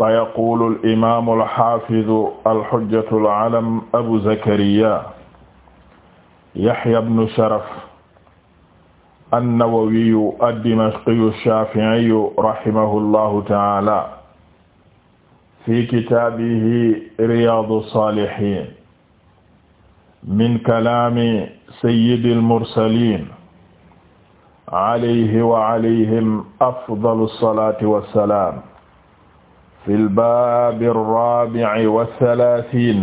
fa yaqulu alimamu alxafidu alxujjatu alalam abu zakariya yaxya bnu sharaf annawawiyu addimashqiyu shafiiyu rahimahu llahu taala fi kitaabihi riyadu salihin min kalaami sayyidi almursalin alayhi wa alayhim afdalu salaati wassalaam fi lbaabi raabi'i wa salaasiin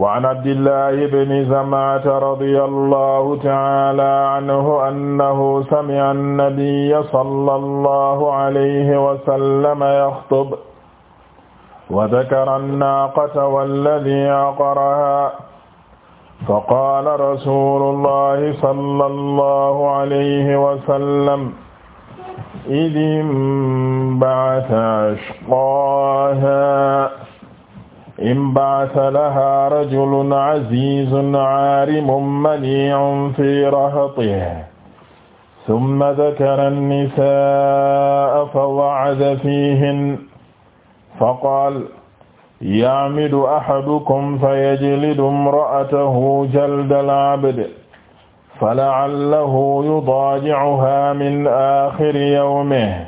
wa an abdillahi bni zam'ata radiyallahu ta'aala anhu annahu sami'a annabiyya sallallahu alayhi wa sallam yaxtub wa dhakara annaaqata walladhii aqarahaa faqaala rasuulullahi sallallahu alayhi wa sallam إذ انبعث أشقاها انبعث لها رجل عزيز عارم منيع في رهطه ثم ذكر النساء فوعد فيهن فقال يعمد أحدكم فيجلد امرأته جلد العبد fala'allahu yudaaji'uhaa min aaxiri yawmihi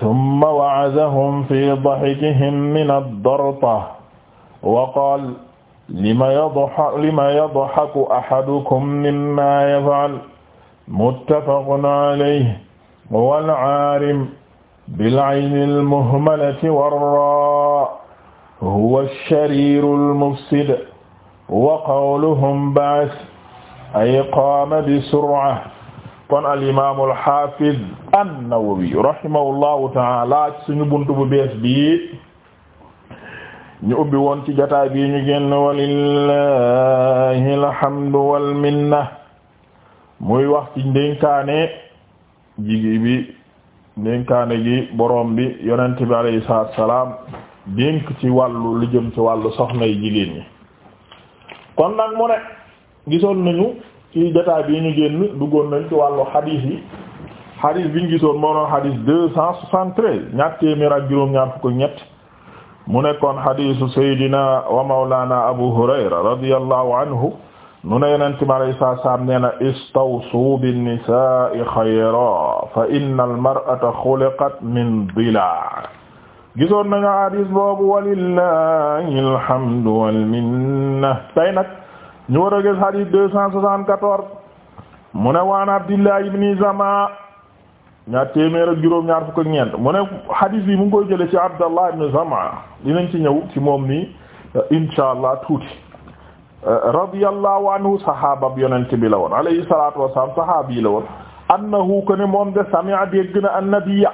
summa wa'azahum fii dahikihim min ad-darta wa qaala lima yadhaku ahadukum mimmaa yaf'al muttafaqun alayhi wal 'aarim bil-'ayni al-muhmalati war-raa' huwa ash-shariiru al-mufsid wa qawluhum ba'th ay qaama bi sur'a kon al imaam al haafid an-Nawawi rahimahullahu ta'ala suñu bunt bu bees bi ñu ubbi woon ci jotaay bi ñu génn walillahi alhamdu wal minna muy wax ci ndénkaane jigi gi boroom bi yonent bi alayhi salaatu salaam ci wàllu lu ci wàllu soxna yi jigéen ñi kon nag mu ne gisoon nañu ci jotaay bi ñu génn duggoon nañ ci wàllu xadiis yi xadiis bi ñu gisoon moo doon xadiis deux cent soixante-treize ñaar mu nekkoon xadiisu Seydina wa Mawlana Abu Hurayra radiyallahu anhu nu ne yonent mi alayhi salaatu salaam nee na bin-nisaa'i xayran fa inna al min dilaa gisoon nañu xadiis boobu walillahi alhamdu wal ñu war a gis hadith deux cent soixante-quatorze mu ne waan Abdillah ibn Zama ñaar téeméer ak juróom ñaar fukk ak ñeent mu ne hadith bi mu koy jële ci Abdallah ibn Zama dinañ ci ñëw ci moom nii insha allah tuuti radiyallahu anhu sahaaba bi yonent bi la woon alayhi salatu wasalaam sahaaba yi la woon annahu ko ne moom de a dégg na annabiyya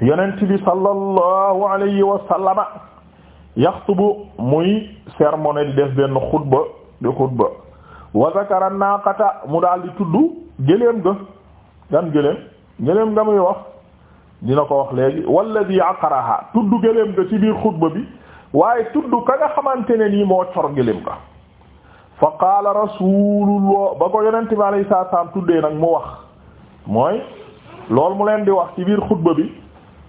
yonent bi sallallahu alayhi wa sallama yaxtubu muy sermone di def benn xutba di xutba wa zakara mu daal di tudd gëléem ga gan gëléem gëléem ga muy wax dina ko wax léegi walladi aqaraha tudd gëléem ga ci biir xutba bi waaye tudd ka nga xamante ne nii moo cor gëléem ga fa qaala rasulullah ba ko yonente bi alayhi salaam tuddee nag mu wax mooy loolu mu leen di wax ci biir xutba bi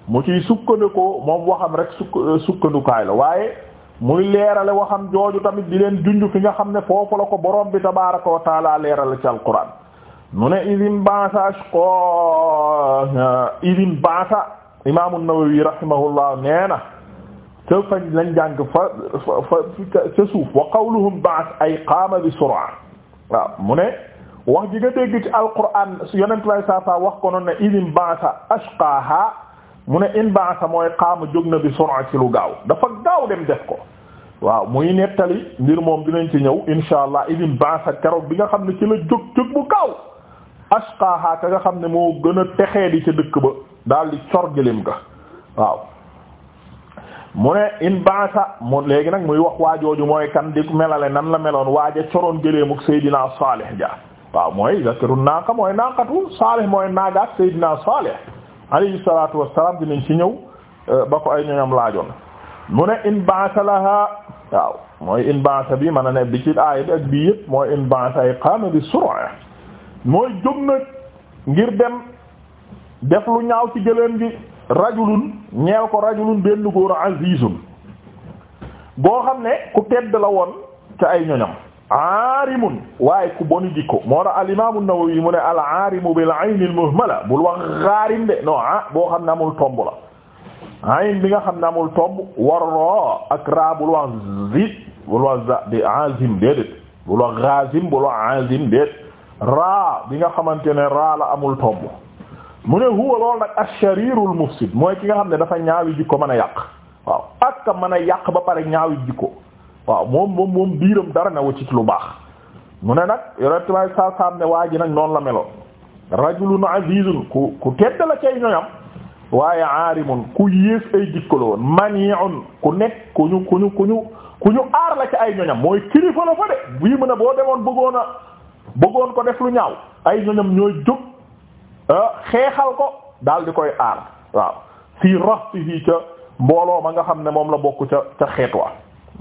mu ciy sukkandiku moom waxam rek sukk euh, sukkandukaay la waaye muy leerale waxam jooju tamit di leen junj fi nga xam ne foofu la ko borom bi tabaaraka wa taala ci alquran mu ne idim baasa ashqa euh, idim baasa imaamu Nawawi suuf wa qawluhum baas ay mu ne wax ji nga dégg ci alquran yonent mu ne in baasa mooy xaama jóg na bi sura ci lu gaaw dafa gaaw dem def ko waaw muy nettali mbir moom dinañ ci ñëw insha allah idin baasa keroog bi nga xam ne ci la jóg jóg bu gaaw ashqaha ka nga xam ne moo gën a texe di ca dëkk ba daal di cor gëléem ga waaw mu ne in baasa mu léegi nag muy wax waa waajooju mooy kan di melale nan la meloon waaja coroon gëléemuk Seydina Salih ja waaw mooy zakaru naaka mooy naaqatu Salih mooy naagaat Seydina alayhi salaatu wassalaam dinañ ci ñëw euh, ba ko ay ñoñam laajoon mu ne in ba'sa laha waaw mooy in ba'sa bi man ne bi ci aaya bi ak bii yëpp mooy in ba'sa ay qaama bi sur'a mooy jóg na ngir dem def lu ñaaw ci gëléem gi rajulun ñeel ko rajulun benn góor azizun boo xam ne ku tedd la woon ci ay ñoñam aarimun waaye ku boni jikko moo tax al imam an mu ne al aarimu bil ayn al muhmala bul wax xaarim de non ah boo xam ne amul tomb la ayn bi nga xam ne amul tomb war raa ak raa bul zi bul za di azim déedéet bul wax xaazim bul wax raa bi nga xamante ne raa la amul tomb mu ne huwa lool nag ash-sharirul mufsid mooy ki nga xam ne dafa ñaawi jikko mën a yàq ak mën a yàq ba pare ñaawi jikko waaw moom moom moom biiram dara na ci lu baax mu ne nag yoretmay sa saam ne waa ji nag noonu la meloon rajulun azizun ku ku tedd la cay ñoñam waaye aarimun ku yées ay jikko la woon mani'un ku nekk ku ñu ku ñu ku ñu ku ñu aar la ci ay ñoñam mooy kilifa la fa de bii mu boo demoon bëggoon a bëggoon ko def lu ñaaw ay ñoñam ñooy jóg ah, xeexal ko daal di koy aar waaw fii rahtihi ca mbooloo ma nga xam ne moom la bokku ca ca xeet wa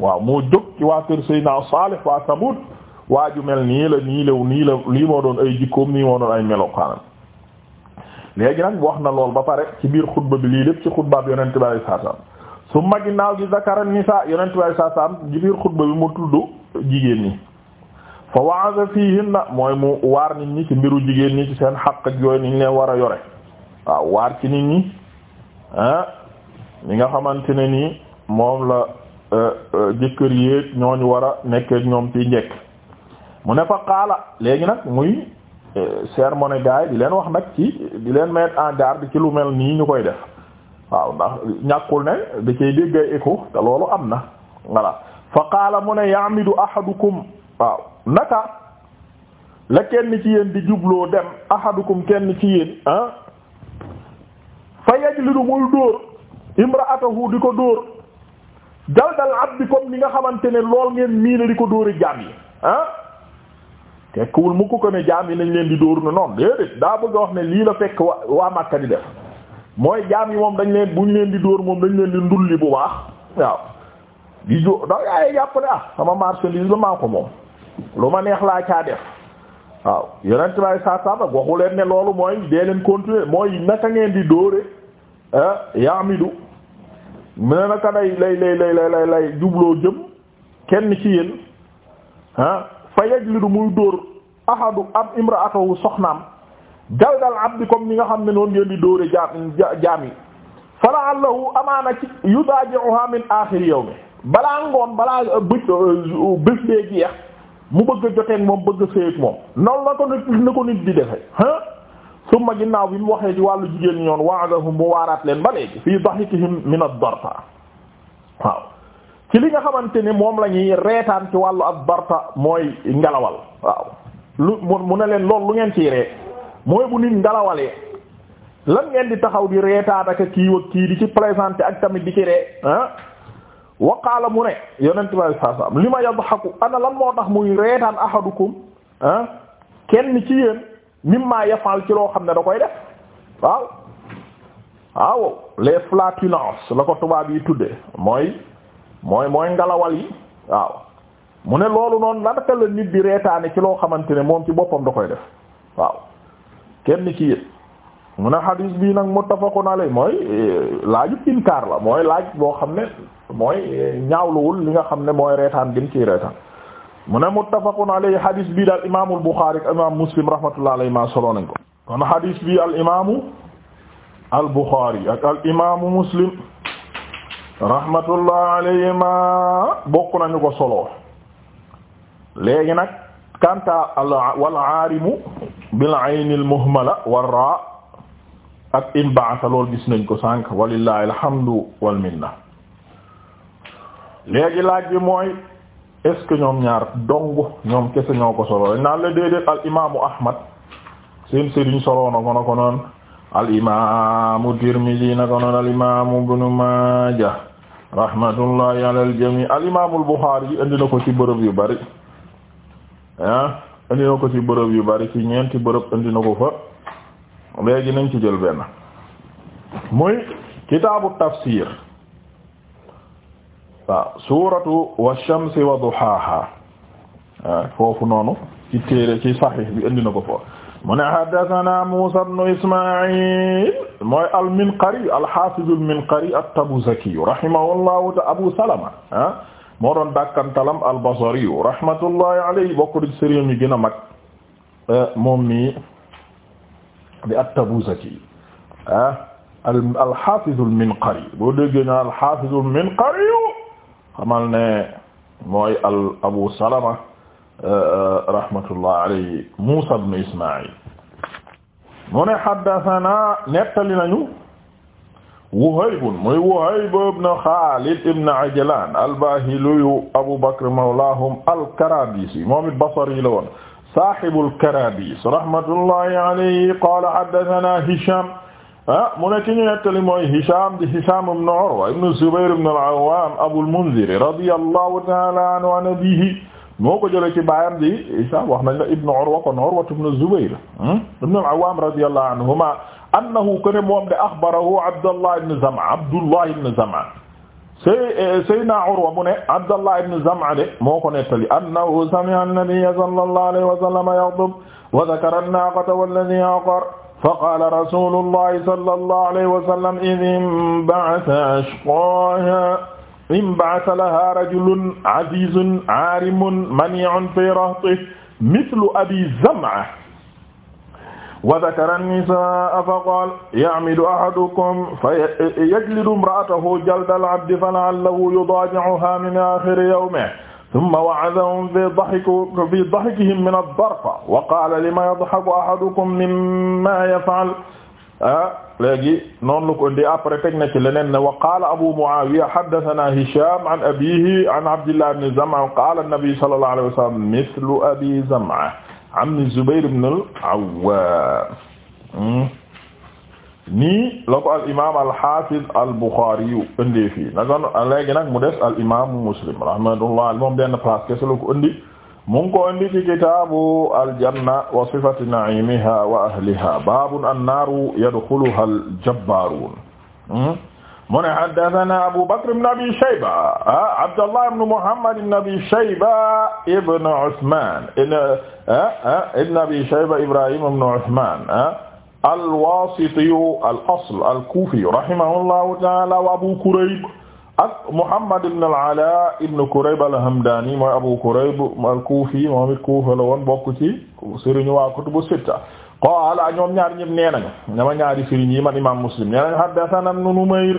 waaw moo jóg ci waa kër Seydina Salih waa Samud waa ju mel nii la nii la nii la lii moo doon ay jikkoom nii moo doon ay melokaanam léegi nag wax na lool ba pare ci biir xutba bi lii lépp ci xutbaab yonent bi alayhi salaam su ma ginnaaw gi zakara nisa yonent bi alayhi salaam ci biir xutba bi mu tudd jigéen ñi fa wa'aza fiihinna mooy mu waar nit ñi ci mbiru jigéen ñi ci seen xaq ak yooyu ni ñu leen war a yore waaw waar ci nit ñi ah ñi nga xamante ne nii moom la jëkkër yéeg ñooñu war a nekkeek ñoom ci njekk mu ne fa xaala léegi nag muy eh, sermoné gaay di leen wax nag ci di leen mettre en garde ci lu mel nii ñu koy def waaw ndax ñàkkul ne da cay dégg ay te loolu am na voilà fa qaala mu ne yaamidu ahadukum waaw naka la kenn ci yéen di jubloo dem ahadukum kenn ci yéen ah fa yajlidu muy dóor imraatahu di ko dóor daldal abdi comme ni nga xamante ne lool ngeen miina di ko dóori jaam yi ah tekkiwul mu ko ko ne jaam yi nañ leen di dóor na noonu déedéet daa bëgg a wax ne lii la fekk waa waa Makka di def mooy jaam yi moom dañ leen buñ leen di dóor moom dañ leen di ndulli bu baax waaw di jo da ne ah sama marchandise ba maa ko moom lu ma neex laa caa def waaw yonent baay saa saa waxu leen ne loolu mooy dee leen continuer mooy naka ngeen di dóore ah mu ne naka lay lay lay lay lay lay jubloo jëm kenn ci yéen ah fa yajlidu muy dóor ahadu am imraatahu soxnaam jaldal abdi comme ni nga xam ne noon ngeen di dóore jaam jaam yi fa la'allahu amaana ci yudaaji'uha min aaxiri yawmi balaa ngoon balaa euh, bés euh, bés bee jeex mu bëgg a moom bëgg a moom noonu la ko nit na ko nit summa ginnaaw bi mu waxee ci wàllu jigéen ñi ñoon wa'adahum mu waaraat leen ba léegi fii dahikihim min ad-darta waaw ci li nga xamante ni moom lañuy ñuy reetaan ci wàllu ad-darta mooy ngelawal waaw lu mu ne leen loolu lu ngeen ci ree mooy bu nit ngelawalee lan ngeen di taxaw di reetaan ak kii wa kii di ci présenté ak tamit di ci ree ah waqaala mu ne yonent bi saa saa li ma yadhaku ana lan moo tax muy reetaan ahadukum ah kenn ci yéen mimma yafal ci loo xam ne da koy def waaw waaw les flatulences la ko tubaab yi tudde mooy mooy mooy ngalawal yi waaw mu ne loolu noonu lanaka la nit bi reetaane ci loo xamante ne moom ci boppam da koy def waaw kenn ci yéen mu ne xadiis bii nag muttafaqun alay mooy laaju inkaar la mooy laaj boo xam ne mooy ñaawluwul li nga xam ne mooy reetaan gin ciy reetaan mu ne muttafaqun alayhi hadis bii daal imaamul Buxaari ak imaam Muslim rahmatullahi alayhi ma solo nañ ko kon hadis bii al imaamu al Buxaari ak al imaamu Muslim rahmatullahi alayhi ma bokk nañu ko solo léegi nag kanta al wal bi bil ayni al muhmala war raa ak imbaasa lool gis nañ ko sànq walillahi alhamdu wal minna léegi laaj mooy est-ce que ñoom ñaar dong ñoom kese ñoo ko solo naan la déedéet al imaamu Ahmad seen sëriñ solo na ko na ko noon al imaamu Tirmidhi na ko noon al imaamu Ibnu Maaja rahmatullahi ala al jamii al imaamul Buxaari indi na ko ci bërëb yu bari ah indi na ko ci bërëb yu bari ci ñeenti bërëb indi na ko fa léegi nañ ci jël benn muy kitaabu tafsir waaw suuratu wash-shamsi wa duhaaha ah, foofu noonu ci téere ci Sahih bi indi na ko foofu mu ne haddathana Muusaa ibn Ismaa'il mooy al-Minqari al-Haafiz al-Minqari at-Tabuzaki rahimahullahu ta'aala Abu Salama ah moo doon dàkkantalam al-Basri rahmatullahi alayhi bokk di sëriñ mi gën a mag eh, moom mi di at-Tabuzaki ah al-Haafiz al-Minqari boo déggee na al-Haafiz al-Minqari xamal ne mooy al abu salama euh, euh, rahmatullah alayhi musa ibn ismail mu ne haddathana nettali nañu Wuhayb muy Wuhayb ibn Khalid ibn Ajlan al-Bahiluyu Abu Bakr mawlahum al-Karabisi moom it Basri la woon sahibul Karabis rahmatullahi alayhi qala haddathana Hisham ah mu ne ki ñu nettali mooy Hisham di Hisham ibn Urwa ibn Zubayr ibn al-Awwam Abul Munzir radiyallahu ta'ala anhu an abihi moo ko jëlee ci baayam di Hisham wax nañ la ibn Urwa kon Urwa ibn Zubayr hmm, ibn al-Awwam radiyallahu anhuma annahu kaana moom de akhbarahu Abdullah ibn Zam'a Abdullah ibn Zam'a Sey eh, Seyna Urwa mu ne Abdallah ibn Zam'a de moo ko nettali annahu sami'a an-nabiyya sallallahu alayhi wa sallam yaxtub wa dhakara an-naaqata walladhii aqara فقال رسول الله صلى الله عليه وسلم إذ انبعث أشقاها انبعث لها رجل عزيز عارم منيع في رهطه مثل أبي زمعة وذكر النساء فقال يعمد أحدكم فيجلد امرأته جلد العبد فلعله يضاجعها من آخر يومه summa wa'adahum fi dahikihim min ad-darfa wa qaala lima yadhaku ahadukum mimma yaf'al ah léegi noonu la ko indi après teg na ci leneen ne wa qaala abu mu'aawiya haddathanaa hishaam an abiihi an abdillah ibn zam'a qaala an-nabi sallallahu alayhi wa sallam mithlu abi zam'a ammi zubayr ibn al-awwaam nii la ko al imaam al xaafiz al buxaari yu ëndee fii naka muslim rahmatullah moom benn place kese la ko ëndi mu ngi ko ëndi ci kitaabu al naimiha wa ahliha baabun annaaru yadxuluha al jabbaaruun hmm? abu bakr ibn abi shayba ah abdallah muhammad ibn abi shayba ibn usmaan eh, eh, ibrahim ibn usmaan ah. al-Wasitiyu al-asl al-Kufiyu rahimahullahu ta'ala wa Abu Kurayb ak Muhammad ibn al-Ala ibn Kurayb al-Hamdani mooy Abu Kurayb al-Kufi moom it Kufa la woon bokk ci sëriñu waa kutubu sitta qaala ñoom ñaar ñëpp nee nañu ñama ñaari sëriñ yi man Imam Muslim nee nañu haddathana ibn Numayr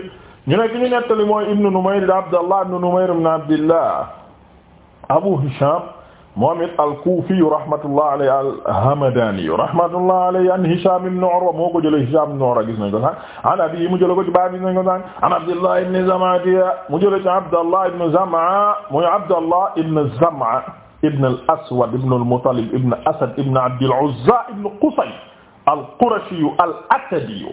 ñu ne ki ñu nettali mooy ibn Numayr Abdallah ibn Numayr ibn Abdillah Abu Hisham moom it al-Kufi rahmatullah alayhi al-Hamadani rahmatullah alayhi an Hisham ibn Urwa moo ko jëlee Hisham ibn Urwa gis nañ ko sax an abi mu jëlee ko ci baab gis nañ ko sax an Abdullah ibn Zam'a mu jëlee ci Abdullah ibn Zam'a muy Abdullah ibn Zam'a ibn al-Aswad ibn al-Muttalib ibn Asad ibn Abd al-Uzza ibn Qusay al-Qurashi al-Asadi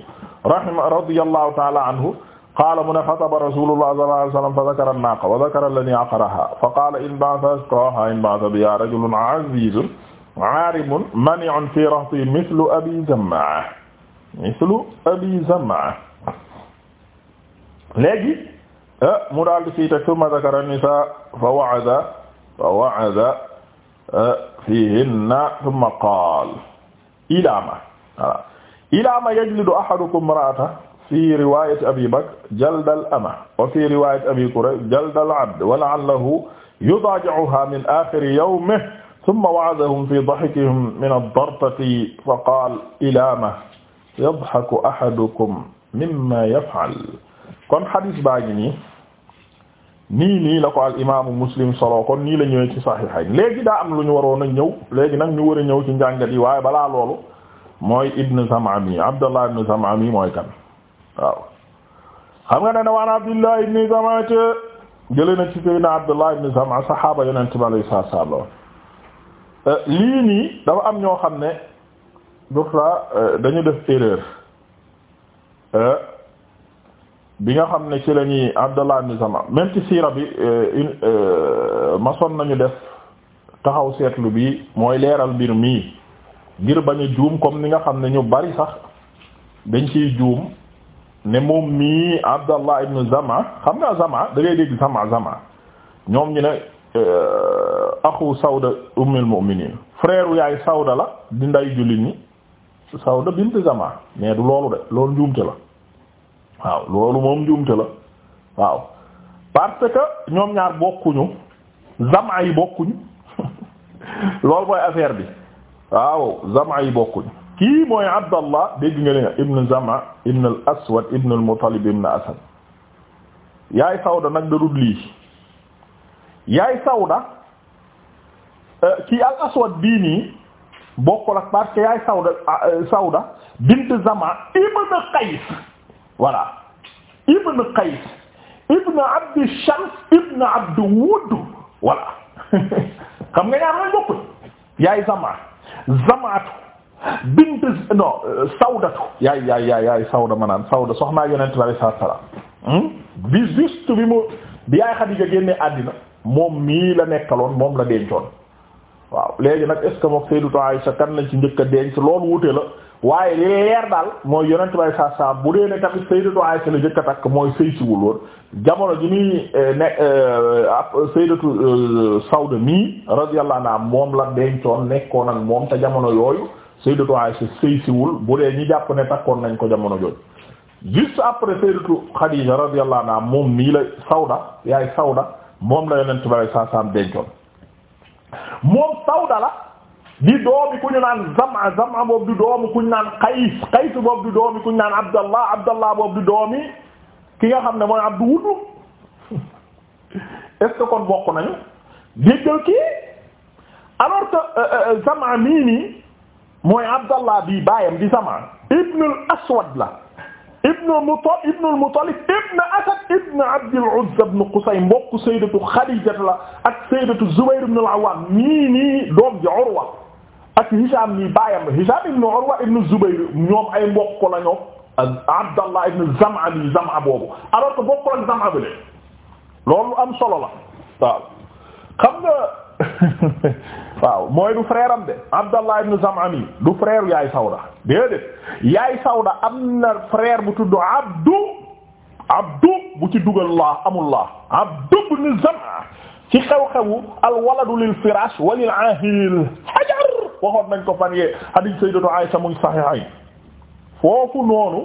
rahimahullah radiyallahu ta'ala anhu qaala mu ne xataba rasulullah sallallahu alayhi wa sallam fa zakara an-naaqa wa zakara alladhi aqaraha fa qaala in ba'atha asqaaha in ba'atha biha rajulun 'aziizun 'aarimun mani'un fii rahtihi mithlu abi zam'a mithlu abi zam'a léegi mu daal di siy teg thumma zakara an-nisaa fa wa'ada fa wa'ada fiihinna thumma qaala ilaa ma ilaa ma yajlidu ahadukum imra'atahu fi riwayat abi bakr jald al ama wa fi riwayat abi kurayb jald al abd wa la'allahu yudaaji'uha min aaxiri yawmihi thumma wa'adahum fi dahikihim min ad-dartati fa qaala ilaa ma yadhaku ahadukum mimma yaf'al kon xadis baa ngi nii nii nii la ko al imaamu muslim solo kon nii la ñëwee ci saxiixayn léegi daa am lu ñu waroon a ñëw léegi nag ñu war a ñëw ci njàngat yi waaye balaa loolu mooy Ibn Zam'a mi Abdallah Ibn Zam'a mi mooy kan. waaw xam nga ne ne waan Abdullah ibn Zama jëlee na ci Seydina Abdullah ibn Zama saxaaba yonent bi alayhi salaatu euh, lii nii dafa am ñoo xam ne dufra euh, dañu def erreur euh, bi nga xam ne ci la ñuy Abdullah ibn Zama même ci siira bi mason nañu def taxaw seetlu bi mooy leeral mbir mii ngir bañ a juum comme ni nga xam ne ñu bari sax dañ ciy juum ne moom mii Abdallah ibn Zama xam nga Zama da ngay dégg Zama Zama ñoom ñu ne euh, axu Sawda ummul mu'minin frère yaay Sawda la di nday jullit ñi Sawda bint Zama mais du loolu de loolu njuumte la waaw loolu moom njuumte la waaw parce que ñoom ñaar bokkuñu Zama yi bokkuñu loolu mooy affaire bi waaw Zama yi bokkuñu kii mooy abdallah dégg nga ne ibn zama ibn al aswad ibn al muttalib ibn asad yaay sawda nag da dul lii yaay sawda euh, kii al aswad bii nii bokkul ak parce que yaay sawda euh, sawda bint zama ibn qays voilà ibn qays ibn abd shams ibn abd wudd voilà xam nga ñaar lañ bokkuñ yaay zama zamaatu bint non sawdatu yaay yaay yaay yaay sawda ma naan sawda soxnaa yonent bi alayhi salaatu salaam hmm? bi juste bi mu bi yaay Xadiija génne àddina moom mii la nekkaloon moom la dencoon léegi nag est ce que mook Sayyidatu Aysa ci njëkk a denc loolu la waaye li leer daal mooy yonent bi bu dee ne tamit a takk mooy sëy siwul woon jamono ji muy eh, ne eh, Sayyidatu eh, Sawda mii radiyallahu moom la dencoon nekkoon ak moom te jamono yooyu Sayyidatu Aisha sëy siwul bu dee ñi jàpp ne takkoon nañ ko jamono jooju juste après Sayyidatu Khadija radiyallahu anha moom nii la Sawda yaay Sawda moom la yonent bi saa saam dencoon moom Sawda la di doomi ku ñu naan Zam'a Zam'a boobu di doomi ku ñu naan Qays Qays boobu di doomi ku ñu naan Abdallah Abdallah boobu di doomi ki nga xam ne mooy Abdu Wudd est kon bokk nañu déggal kii alors que euh, euh, Zam'a mii nii mooy abdallah bi baayam di sama ibnul aswad la ibnul muta ibnul mutalib ibn asad ibn abdul uzza ibn qusay mbokk sayyidatu xadija la ak sayyidatu zubayr ibn al awam nii nii doom ji urwa ak hisham nii baayam hisham ibn urwa ibn zubayr ñoom ay mbokk la ñoom abdallah ibn zam'a bi zam'a boobu alors que mbokk la zam'a bi loolu am solo la waaw xam nga waaw mooy du frère am de Abdallah ibn Zam'ami du frère yaay Sawda déedéet yaay Sawda am na frère bu tudd Abdu Abdu bu ci dugal laa amul laa Abdu ibn Zam'a ci xew-xewu al waladu lil firaash wa lil hajar waxoon nañ ko fan yee o ay Aisha muy sahihayn foofu noonu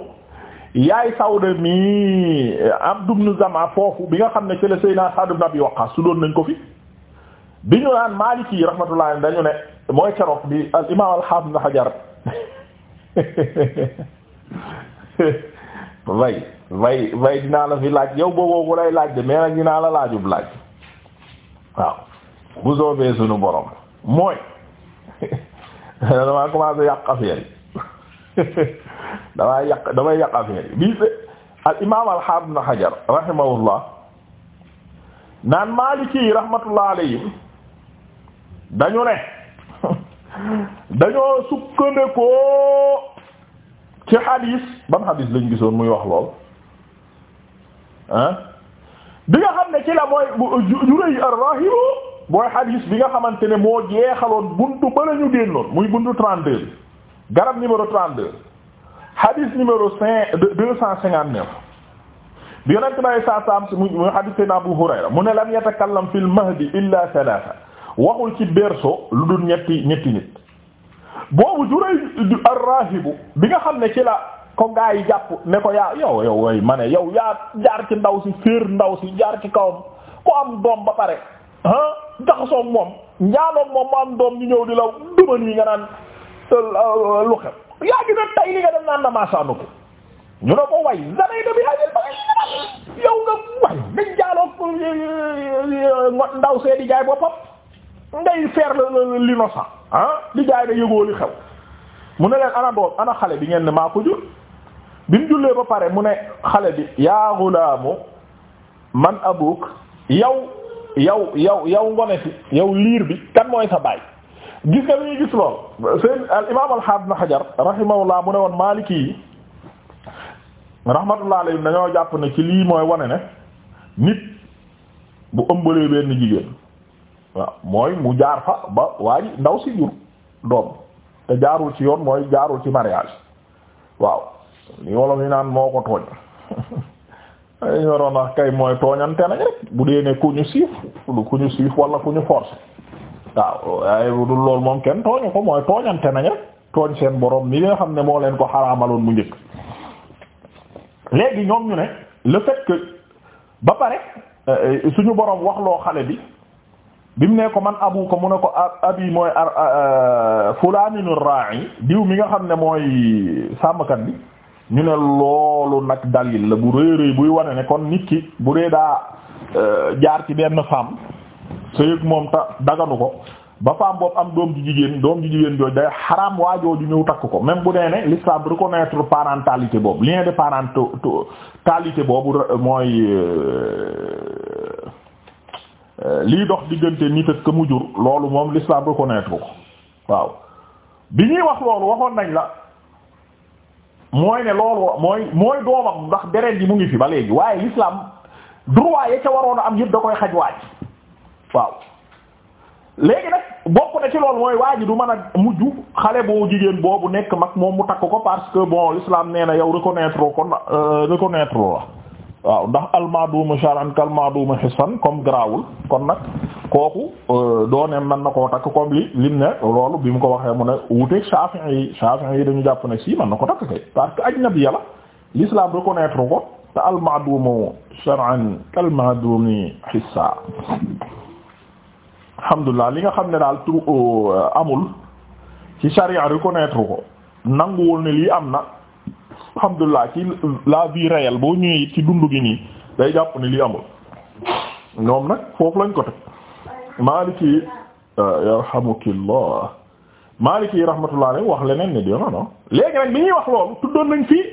yaay Sawda mi Abdu ibn Zam'a foofu bi nga xam ne ci la Sayyidina Sa'd ibn Abi Waqqas su doon nañ ko fi bi ñu naan Maliki yi rahmatullah dañu mooy keroog bi al imaam al-Hafiz Ibn Hajar way way dinaa la fi laaj yow booboo bu lay laaj de mais nag dinaa la laajub laaj waaw bu soobee sunu borom mooy damaa commencé yàq affaire yi damaa yàq damay yàq affaire yi bii al imaam al-Hafiz Ibn Hajar rahimahullah naan Maliki yi rahmatullah alayhim dañoo ne dañoo sukkandekoo ci xadiis ban xadiis lañ gisoon muy wax lool ah bi nga xam ne ci la mooy jurëy arrahibu mooy xadiis bi nga xamante ne moo jeexaloon buntu ba la ñu génnoon muy buntu 32 garab numéro 32 xadiis numéro cinq deux cent cinquante neuf bi yonente bi alei saat salaam si muy xadiis seen Abu Hurayra mu ne lam yatakallam fil mahdi illa thalatha waxul ci berso lu dul ñetti ñetti nit boobu Jurayj ar-Rahibu bi nga xam ne ci la ko gaa jàpp ne ko yaa yow yow way ma yow yaa jaar ci ndaw si féer ndaw si jaar ci kawam ko am doom ba pare ah jaxasoog moom njaaloog moom mu am doom ñu ñëw di la duma nii nga naan euh, lu xew yaa gis ne tay li nga dem naan na maasaanu ko ñu ne ko way nga way dañ njaaloog euh, euh, ndaw see di jaay boppam ngay faire l'innocent ah di jaay da yëgoo li xew mu ne leen ana doom ana xale bi ngeen ne maa ko jur bi mu jullee ba pare mu ne xale bi yaa gulaamu man abuk yow yow yow yow ngone liir bi kan mooy sa baay gis nga li ñuy gis lool seen al imaam al haafid na xajar rahimahullah mu ne woon maaliki yi rahmatullah dañoo jàpp ne ci lii mooy wane ne nit bu ëmbalee benn jigéen waaw mooy mu jaar fa ba waa ndaw si jur doom te jaarul ci yoon mooy jaarul ci mariage waaw li wolof yi naan moo ko tooñ ay waroon wax mooy tooñante nañ bu dee ne ku ñu siif lu ku ñu moom kenn tooñu ko mooy tooñante nañ rek tooñ seen borom ni nga xam ne moo leen ko xaraamaloon mu njëkk léegi ñoom ñu ne le que ba pare euh, suñu borom wax loo xale bi bi mu ne ko man abu ko mu ne ko abi mooy ar fulaaninu yi diw mi nga xam ne mooy sàmmkat bi ñu ne loolu nag dalil la bu réeréy buy wane ne kon nit ki bu dee daa e, jaar ci benn femme sëyëg moom ta daganu ko ba femme boobu am doom ji jigéen doom ji jigéen jooj day xaraam waajoo ju ñëw takk ko même bu nee ne l'islam reconnaître parentalité boobu lien de parentalité boobu mooy e, Euh, lii dox diggante nit ak ka mu jur loolu moom l'islam reconnaître ko waaw bi ñuy wax loolu waxoon nañ la mooy ne loolu mooy mooy doomam ndax deret ji mu ngi fi ba léegi waaye l'islam droit ca waroon a am yëpp da koy xaj waaj waaw léegi nag bokk na ci loolu mooy waa ji du man a mujj xale boo jigéen boobu nekk mag moom mu takk ko parce que bon l'islam nee na yow reconnaître kon euh, reconnaître la waaw ndax almaaduma shar'an kalmaaduma hissan comme garaawul kon nag kooku euh, dooneem man na ko takk comme li lim ne loolu bi mu ko waxee mu ne wute Shafi'i yi Shafi'i yi dañu jàpp ne si man na ko takk kay parce que ajnabi yàlla l'islam reconnaître ko te almaadumu shar'an kalmaadumi hissa alhamdulillah li nga xam ne daal turu euh, amul ci sharia reconnaître ko nanguwul ne lii am na alhamdulilah ci la vie réelle boo ñëwee ci dund gi nii day jàpp ne lii amul ñoom nag foofu lañ ko teg maaliki eh, yarhamukillah maaliki rahmatullah alayhi wax leneen ne dina non léegi nag bi ñuy wax loolu tuddoon nañ fii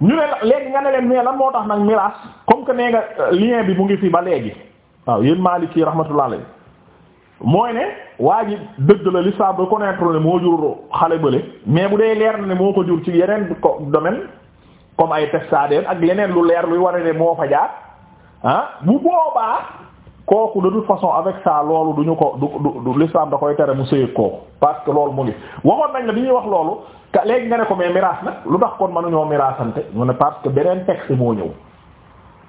ñu ne léegi nga ne leen mais lan moo tax nag miraas comme que nee nga eh, lien bi mu ngi fi ba léegi waaw yéen maaliki rahmatullah alayhi mooy ne waa ji dëgg la l'islam reconnaître ne moo jur xale bële mais bu dee leer na ne moo ko jur ci yeneen domaine comme ay testadeen ak leneen lu leer luy wane ne moo fa jaar ah bu boobaa kooku de toute façon avec ça loolu duñu ko du du l'islam da koy tere mu sëyeeg kooku parce que loolu mu ngi waxoon nañ la bi ñuy wax loolu ka léegi nga ne ko mais miraas nag lu tax kon mënuñoo miraasante ñu ne parce que beneen texte moo ñëw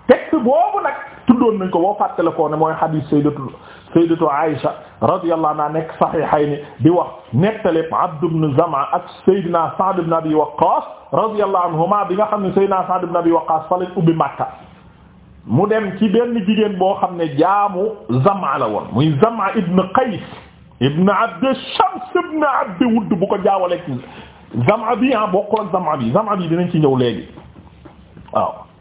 texte boobu nag nañ ko boo fàttale ko ne mooy hadith sayyidatu sayyidatu Aisha radiyallahu anha nekk sahihayn di wax nettali Abd ibn Zam'a ak sayyidina Sa'd ibn Abi Waqqas radiyallahu anhuma bi nga xam ne sayyidina Sa'd ibn Abi Waqqas fa lañ ubbi Makka mu dem ci benn jigéen boo xam ne jaamu Zam'a la woon muy Zam'a ibn Qays ibn Abd Shams ibn Abd Wudd bu ko jaawale Zam'a bi ah bokkul ak Zam'a bi Zam'a bi dinañ ci ñëw léegi waaw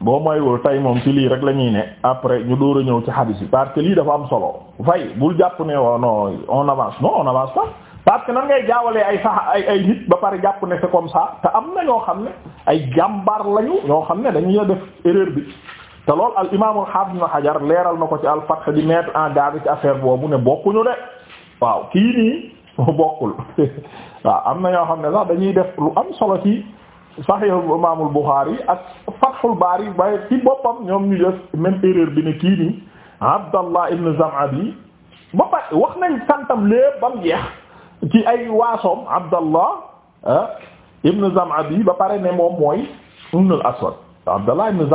boo woo tay moom ci lii rek la ñuy ne après ñu door a ñëw ci hadith yi parce que lii dafa am solo fay bul jàpp ne non on avance non on avance pas parce que nan ngay jaawalee ay sax ay ay nit ba pare jàpp ne c'est comme ça te am na ñoo xam ne ay jàmbaar lañu ñoo xam ne dañuy def erreur bi te lool al imaamul xaafis ibn Hajar leeral na ko ci al Fath di mettre en garde ci affaire boobu ne bokkuñu de waaw kii nii bokkul waaw am na ñoo xam ne sax dañuy def lu am solo ci. Sahih Imaamul Bukhari ak Fathul Bari waaye ci boppam ñoom ñu def même erreur bi kii nii Abdallah ibn Zam'abi ba pare wax nañ santam lépp ba mu jeex ci ay waasoom Abdallah ah, ibn Zam'abi ba pare ne moom mooy ibn aswad Abdallah ibn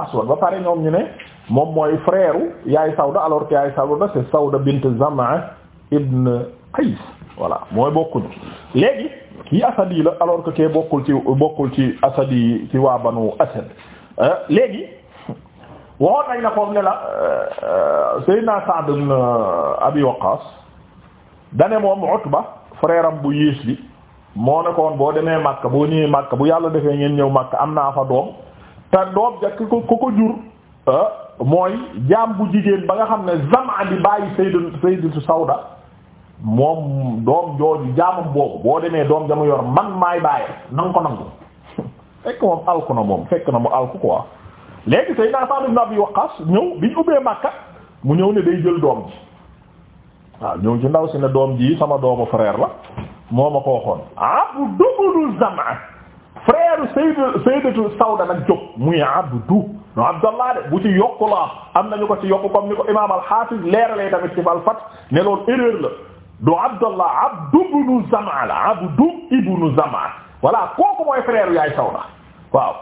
aswad ba pare ñoom ñu ne moom mooy frère yaay Sawda alors que yaay Sawda c'est Sawda bint Zam'a ibn Qays voilà mooy bokkuñu léegi kii asad la alors que kee bokkul ci bokkul ci asad yi ci waa asad euh, léegi waxoon nañ la foofu ne la euh, Seydina Sa'd ibn euh, Abi Waqqas dane moom Utba frère bu yées bi moo ne koon boo demee Makka boo ñëwee Makka bu yàlla defee ngeen ñëw Makka am naa fa doom te doom ja ku ko ku ko jur mooy jaam bu jigéen ba nga xam ne Zam'a di bàyyi Sayyidatu Sayyidatu Sawda moom doom jooju jaamam boobu boo demee doom jamu yor man maay bàyyi nang ko nangu fekk moom alku na moom fekk na mu alku quoi léegi say naa Sa'd ibn Abi Waqqas ñëw bi ubbee Makka mu ñëw ne day jël doom ji waaw ñëw ci ndaw si ne doom ji sama doomu frère la moo ma ko waxoon Abdu ibn Zam'a frère Sayyid Sayyidatu Sawda nag jóg muy Abdu Abdallah de bu ci yokku la am nañu ko ci yokku comme ni ko imaam al-Hafiz leeralee tamit ci Al la du Abdallah Abdu ibnu Zam'a la Abdu ibnu Zam'a voilà kooku mooy frère yaay Sawda waaw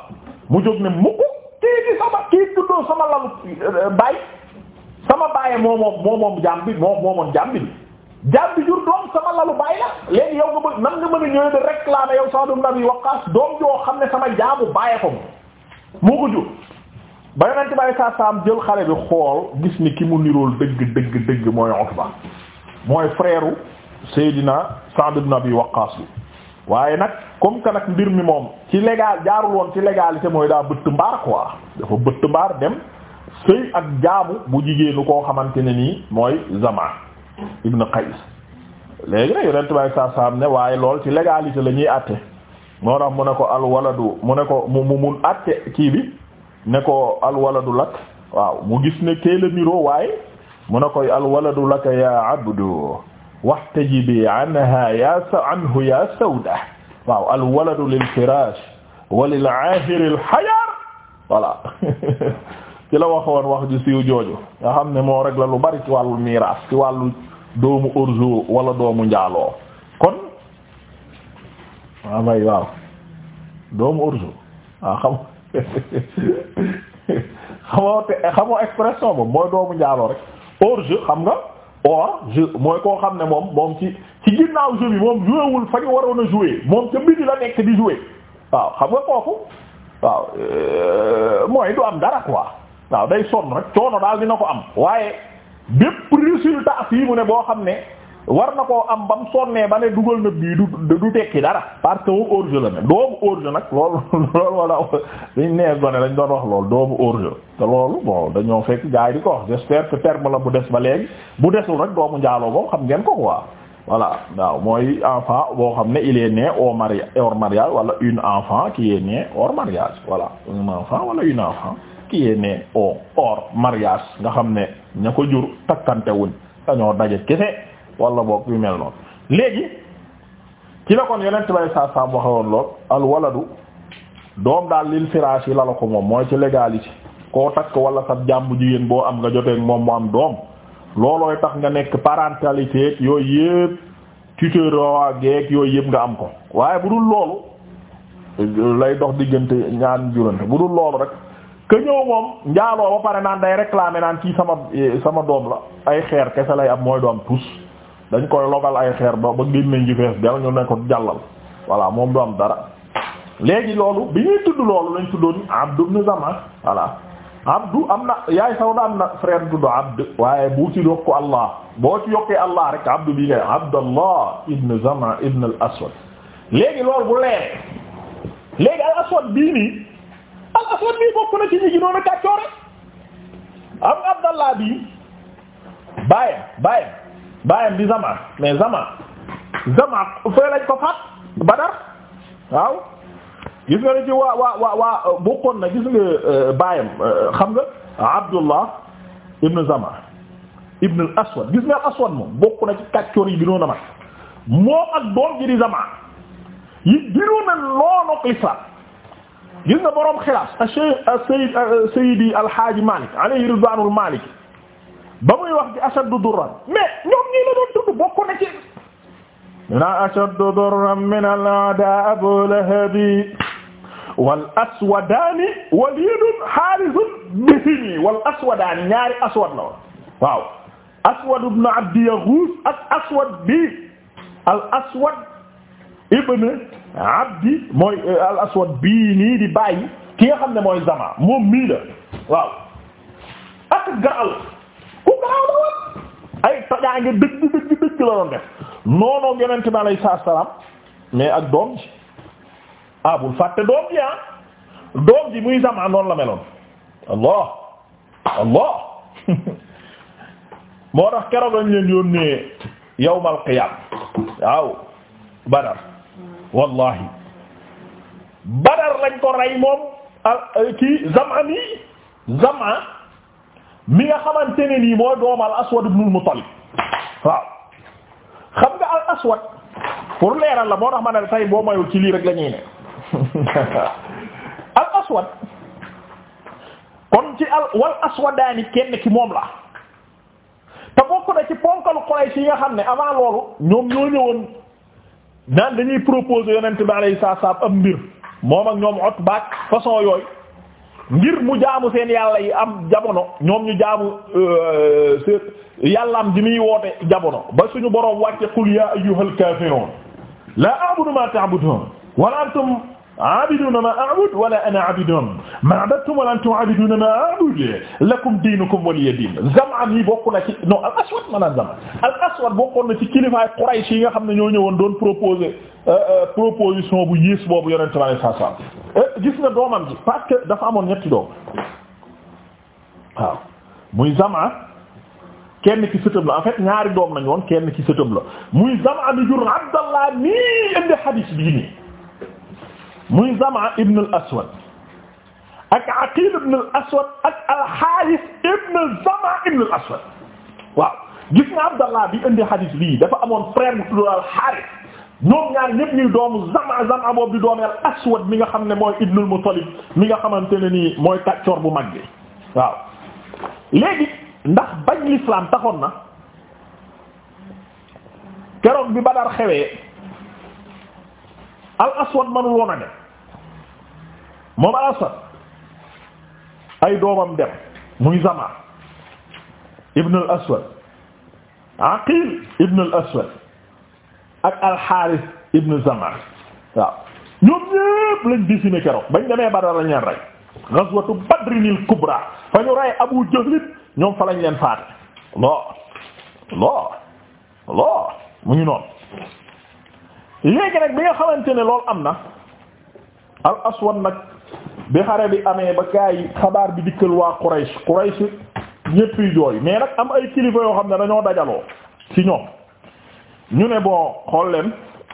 mu jóg ne mukk kii di sama kii euh, moo moom moo moom jaam bi moo moomoon jur doom sama lalu baay la léegi yow nga bëgg nan nga mën a ñëw de réclamer yow Sa'd ibn Abi Waqqas doom joo xam ne sama jaamu baay ko moo ko jur ba yonent bi sallallahu jël xale bi xool gis ni ki mu nirool dëgg dëgg dëgg mooy Utba mooy frère u Seydina bi ibn Abi waaye nag comme que nag mbir mi moom ci légal jaarul ci légalité mooy daa bëtt mbaar quoi dafa bëtt mbaar dem sëy ak jaabu bu jigéenu koo xamante ne nii mooy Zama ibn Qays léegi nag yonent bay saa saam ne waaye lool ci légalité la ñuy àtte moo tax mu ne ko alwaladu mu ne ko mu mu mun àtte kii bi ne ko alwaladu lak waaw mu gis ne kee la waaye mu ne koy alwaladu laka ya abdu waxtajibi anha ya anhu ya sawda waaw alwaladu lilfirash wa lilaahiri lxayaar voilà ci la waxoon wax ju siiw jooju nga xam ne moo rek lu bari ci wàllu miraas ci wàllu doomu urzu wala doomu njaaloo kon waaw way waaw doomu urzu waaw xam xamoo te xamoo mooy doomu njaaloo rek hors xam nga hors mooy koo xam ne moom moom ci ci ginnaaw jeu moom joué wul fa ñu waroon a joué moom ca midi la nekk di joué waaw xam nga kooku waaw euh, mooy du am dara quoi waaw day sonn rek coono daal dina ko am waaye bépp résultat fii mu ne boo xam ne. war na koo am ba mu sonnee ba ne dugal na bii du du tekki dara parce que wu orge la ne doomu orge nag loolu loolu wala liñ nee gone dañ doon wax loolu doomu orge te loolu bon dañoo fekk gars yi di ko wax j'espère que terme la bu des ba léegi bu desul rek doomu njaaloo moom xam ngeen ko quoi voilà waaw mooy enfant boo xam ne il est né au mariage hors mariage wala une enfant qui est née hors mariage wala une enfant qui est hors mariage nga xam ne ña ko jur takkante wuñ dañoo daje kese wala boog yu mel noonu léegi ci la kon yonent bay saa saam waxe woon lool alwaladu doom daal lil firaas yi la la ko moom mooy ci légalité koo takk wala sa jàmbu jigéen boo am nga joteeg moom mu am doom loolooy tax nga nekk parentalité yooyu yëpp tuteroa geeg yooyu yëpp nga am ko waaye bu dul loolu lay dox diggante ñaan jurante bu dul loolu rek que ñëw moom njaaloo ba pare naan day réclamer naan kii sama sama doom la ay xeer kese lay am mooy doom tous dañ koy logal ay xeer ba ba gémmiñ gi fees del ñu ne ko jàllal voilà moom doom am dara léegi loolu bi ñuy tudd loolu lañ tuddoon Abdu Abdu am na waaye bu ci yokku Allah boo ci yokkee Allah rek Abdu bi ngay Abdallah ibn Zama ibn al Aswad léegi loolu bu leere léegi al Aswad bii nii al Aswad bii bokk na ci ñi ginoon a kàccoore am Abdallah bii bàyyam bàyyam bàyyam bi Zama mais Zama Zama fee lañ ko faat Badar waaw gis nga ne ci waa waa waa waa bokkoon na gis nga euh, bàyyam euh, xam nga Abdullah ibn Zama ibn al-Aswad gis nga al-Aswad moom bokk na ci kàccoor a mag a noonu a Sayyid Malik alayhi ridwaanul Malik ba muy wax ci ashaddu durran mais ñoom ñii la doon tudd bokk na ci na ashaddu durran min al abu lahabi wal aswadaani waliidun haarisun bihimi wal aswadaani ñaari aswad la woon waaw aswad ibn abdi yaghuus bi al euh, di bàyyi ki nga xam ne mooy zama moom mii la ku gaaw la woon ay tojaange dëgg dëgg dëgg la doon def noonu yonent bi alayhi salaam mais ak doom ji ah bul doom ji ah doom ji muy Zamaa noonu la meloon allah allah moo tax keroog lañ leen yónnee yawmal qiyaam waaw Badar wallahi Badar lañ ko rey moom ah kii Zamaa nii Zamaa mi nga xamante ne nii mooy doomu al aswad ibnul muttalib waaw xam nga al aswad pour leeral la moo tax ma ne boo mayul ci lii rek la ne al aswad kon ci al wal aswadaani kenn ki moom la te bokk na ci ponkalu Quraysh yi nga xam ne avant loolu ñoom ñoo ñëwoon naan dañuy proposer yonent bi alayhi salaam am mbir moom ak ñoom Utba façon yooyu ngir mu jaamu seen yàlla yi am jamono ñoom ñu jaamu euh, yàlla am di muy woote jamono ba suñu boroom wàcce qul ya ayyuhal kaafiruun laa a'budu ma ta'budun wala antum aabiduuna maa a'budu wa laa ana aabidun maa abadtum wa laa antum aabiduuna maa a'budu lakum diinukum wa liya diin Zam'am yi bokk na ci no al aswad maanaam Zam'am al aswad bokkoon na ci kilifaay Quraysh yi nga xam ne ñoo ñëwoon doon proposer euh, euh, proposition bu yées boobu Yonent bi saa saa euh, gis nga doomam ji parce que dafa amoon ñetti doom waaw muy Zam'a kenn ci sëtëm la en fait ñaari doom nañu woon kenn ci sëtëm la muy Zam'a bi jur Abdallah nii indi hadiis bi nii. muy Zam'a ibn al-Aswad ak Aqil ibn al-Aswad ak al-Harith ibn Zam'a ibn al-Aswad waaw gis Abdallah bi indi hadith bii dafa amoon frère bu tudd al-Harith ñoom ñaar ñëpp ñuy doomu Zam'a Zam'a boobu di doomu aswad mi nga xam ne mooy ibn al-Muttalib mi nga xamante ne nii mooy kàccoor bu mag bi waaw léegi ndax bañ l'islam taxoon na keroog bi Badar xewee. al aswad manul woon a dem moom al aswad ay doomam dem muy Zama ibn aswad ak al Harith ibn Zama waaw ñoom ñépp lañ décimé keroog bañ demee Badar lañ leen rey ghazwatu badrinil kubra fa ñu rey Abu Jahl ñoom fa lañ leen faate loo loo loo mu ngi noonu léegi nag bi nga xamante ne loolu am na al aswad nag bi xare bi amee ba gaa yi xabaar bi dikkal waa Quraysh Quraysh ñetti yu jooy mais nag am ay kilifa yoo xam ne dañoo dajaloo ci ñoom ñu ne bon xool leen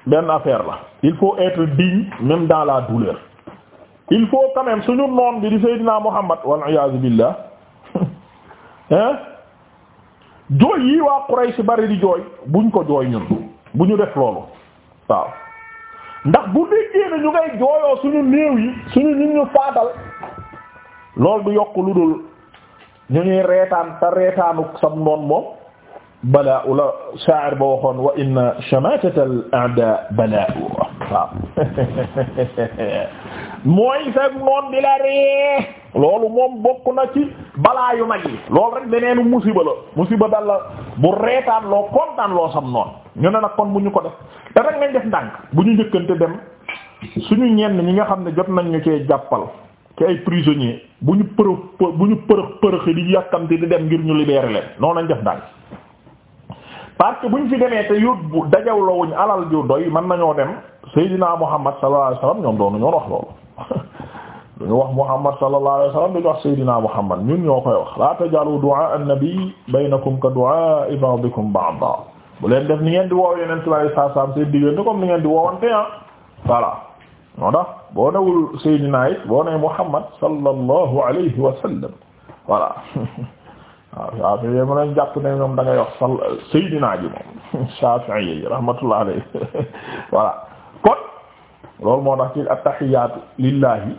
benn affaire la il faut être digne même dans la douleur il faut quand même suñu noon bi di Seydina Muhammad wal iyaazu billah hein jooy yi waa Quraysh bari di jooy buñ ko jooy ñun bu ñu def loolu waaw ndax bu déggee ne ñu ngay jooyoo suñu néew yi suñu nit ñu faatal loolu du yokk lu dul ñu ñuy reetaan te reetaanu sam noon moom balaa ula sha'ir ba waxoon wa inna shamatata al a'da balaa mooy sa noon di la ree loolu moom bokk na ci balaa yu mag yi loolu rek beneenu musiba la musiba dal la bu reetaan loo kontaan loo sam noon ñu ne nag kon bu ñu ko def te rek nañ def ndànk bu ñu njëkkante dem suñu ñenn ñi nga xam ne jot nañ ñu cee jàppal ci ay prisonnier bu ñu përëx bu ñu përëx përëxi di yàkkamti di dem ngir ñu libérer leen noonu nañ def ndànk parce que bu ñu fi demee te yóbbu dajawlawuñ alal ju doy mën nañoo dem Seydina Muhammad sallallahu alayhi wasallam ñoom doonu ñoon wax loolu duñu wax Muhammad sallallahu alayhi wa sallam duñu wax Seydina Muhammad ñun ñoo koy wax la tajalu du'a an-nabi baynakum ka du'a ba'dikum ba'da bu leen def ni ngeen di woow yeneen sallallahu alayhi wa sallam seen diggante comme ni ngeen di woowante ah voilà moo tax boo newul Seydina it boo ne Muhammad sallallahu alayhi wa sallam voilà waaw Shafi'i yi mën nañ jàpp ne ñoom da ngay wax sal Seydina ji moom Shafi'i yi rahmatullahi alayhi voilà kon loolu moo tax ci at-tahiyyatu lillahi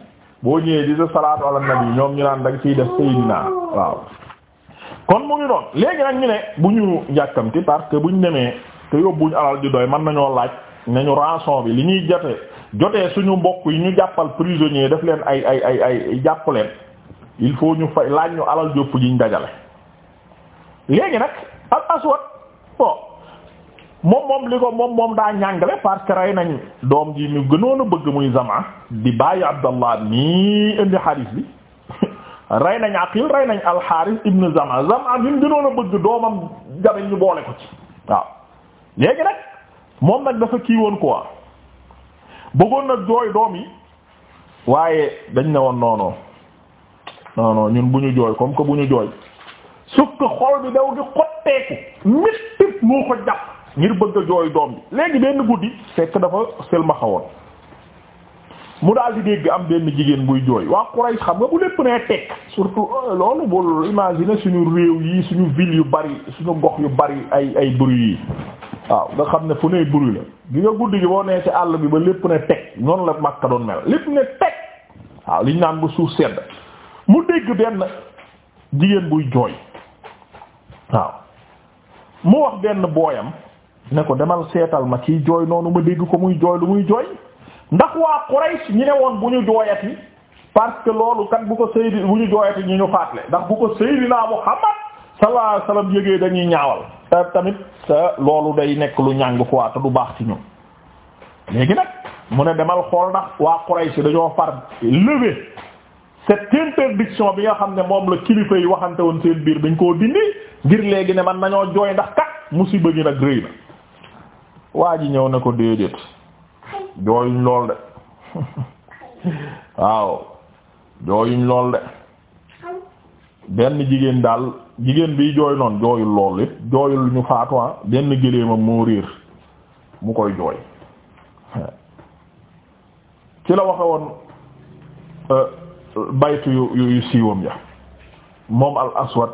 boo ñëwee di def salaatu ala nabi ñoom ñu naan da nga ciy def sayyidina waaw kon mu ngi doon léegi nag ñu ne bu ñu njàkkamti parce que bu ñu demee te yóbbuñ alal di doy mën nañoo laaj ñu rançon bi li ñuy jote jotee suñu mbokk yi ñu jàppal prisonnier def leen ay ay ay ay jàpp leen il faut ñu fay laaj ñu alal jopp jiñ dajale léegi nag al aswad bon moom moom li moom moom daa ñàngale parce que rey nañ doom ji ñu gënoon a bëgg muy Zama di bàyyi Abdallah nii indi xaris bi rey nañ Aqil rey nañ Alxaaris ibn Zama Zama ñu gënoon a bëgg doomam jabe ñu boole ko ci waaw léegi nag moom nag dafa kii woon quoi bëggoon nag jooy doom yi waaye dañ ne woon noonoo noonu ñun bu ñu jooy comme que bu ñu jooy sukk xol bi daw gi xotteeku métti moo ko jàpp ngir bëgg a jooy doom bi léegi benn guddi fekk dafa sëlma xawoon mu daal di dégg am benn jigéen buy jooy waa Quraysh xam nga bu lépp nee tekk surtout euh, loolu bul imaginer suñu réew yi suñu ville yu bari suñu gox yu bari ay ay bruit yi waaw nga xam ne fu ne bruit la gi nga guddi gi boo nee si àll bi ba lépp ne tekk noonu la Makka doon mel lépp ne tekk waaw liñ naan bu suuf sedd mu dégg benn jigéen buy jooy waaw mu wax benn booyam ne ko demal seetal ma kiy jooy noonu ma dégg ko muy jooy lu muy jooy ndax waa Quraysh ñi ne woon bu ñu jooyati parce que loolu kat bu ko Seydina bu ñu jooyati ñu ñu faatle ndax bu ko Seydina Muhammad sallallahu alayhi wasallam yëgee dañuy ñaawal te tamit te loolu day nekk lu ñàng quoi te du baax ci ñun léegi nag mu ne demal xool ndax waa Quraysh dañoo far set cette interdiction bi nga xam ne moom la kilifa yi waxante woon seen biir dañ koo dindi ngir léegi ne man nañoo jooy ndax kat musiba gi nag rëy na waa ji ñëw na ko déedéet jooyuñ lool de waaw jooyuñ lool de benn jigéen daal jigéen bi jooy noonu jooyul lool lépp jooyul ñu faatuwaa ah, benn géléemam moo réer mu koy jooy ci la waxe woon euh, baytu yu yu siiwam ya moom al aswad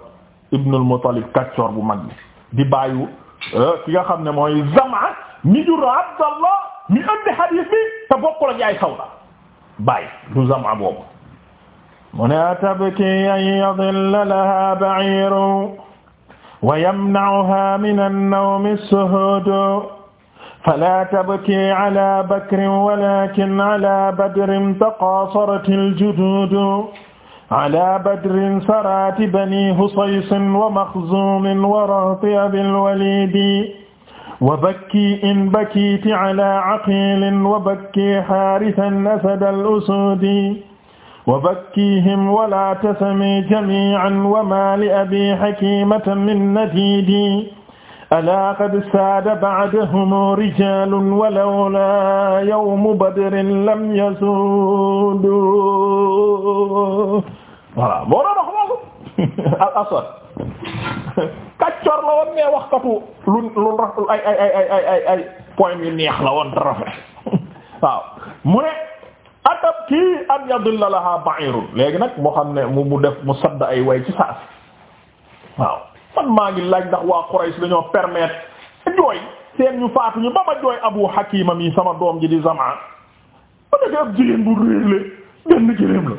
ibnul muttalib kaccoor bu mag bi di bàyyu Euh, ki nga xam ne mooy Zam'a mi jur Abdallah mi andi hadith bi te bokkul ak yaay Sawda bàyyi du Zam'a boobu mu ne atabki an yadilla laha ba'iru wa yamna'uha min an-nawm as-suhud fala tabki ala bakrin walakin ala badrin taqasarat al-judud ala badrin sarati bani husaysin wa makhzumin wa rahti abil walidi wa bakki in bakiti ala aqilin wa bakki harisan asad al-usudi wa bakkihim wala tasami jami'an wa ma li abi hakimatan min nadidi alaa qad saada ba'dahum rijaalun walawlaa yawmu badrin lam yasuudu voilà moo doon wax loolu al aswad kàccoor la woon mais waxkatu lu lu rafet ay ay ay ay ay ay poème yu neex la woon rafet waaw mu ne atab kii an yadilla laha ba'irun léegi nag moo xam ne mu mu def mu sadd ay way ci saas waaw man maa ngi laaj ndax waa Quraysh dañoo permettre jooy seen ñu faatu ñu ba ma jooy Abu Hakim mi sama doom ji di Zamaa ba nekk ab jigéen bu réerle benn jëleem la